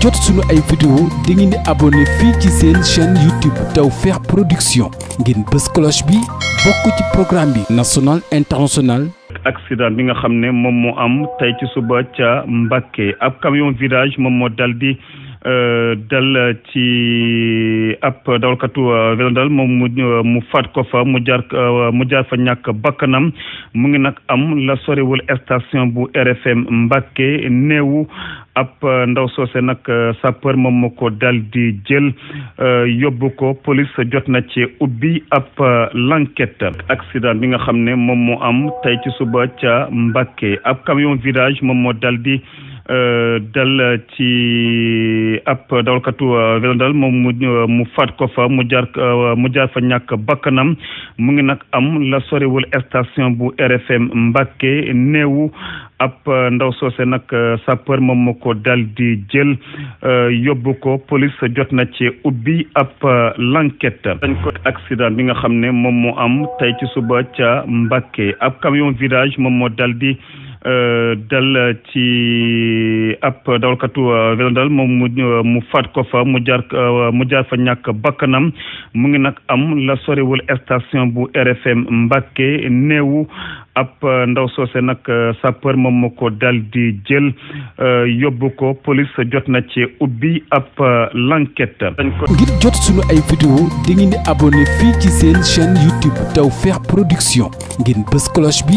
jot suñu ay vidéo da ngeen di abonné fii ci seen chaîne YouTube Tawfekh Production ngeen bës cloche bi bokk ci programme bi national international accident bi nga xam ne moom moo am tey ci suba ca Mbacké ab camion virage moom moo dal di euh, dal ci ab dawalkatu euh, vélo moom euh, mu faat ko fa mu jaar mu jaar fa ñàkk bakkanam mu ngi nag am la sorewul station bu RFM Mbacké néewu ab euh, ndaw soose nag euh, sapeur moom ma ko daal di jël euh, yóbbu ko police jot na ci ubbi ab l'enquête accident bi nga xam ne moom moo am tey ci suba ca Mbàkke ab camion virage moom moo daal Euh, dal ci ab dawalkatu euh, vélo dal moom euh, mu faat ko fa mu jaar mu jaar fa ñàkk bakkanam mu ngi nag am la soriwul station bu RFM Mbacke néewu ab ndaw soose nag sapeur moom moo ko dal di jël yóbbu ko police jot na ci ubbi ab l'enquête dañ ko accident bi nga xam ne moom moo am tey ci suba ca Mbacke ab camion virage moom moo dal di Euh, dal ci ab dawalkatu velondal euh, moom mu euh, mu faat ko fa mu jaar fa ñàkk bakkanam mu ngi nag am la sorewul station bu RFM Mbàkke néewu ab ndaw soose nag sapeur moom moo ko dal di jël yóbbu ko police jot na ci ubbi ab l'enquête ngir jot sunu ay vidéo di ngeen di fii ci seen chaîne YouTube Tawfekh Production ngeen bës cloche bi